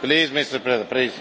please mr president please.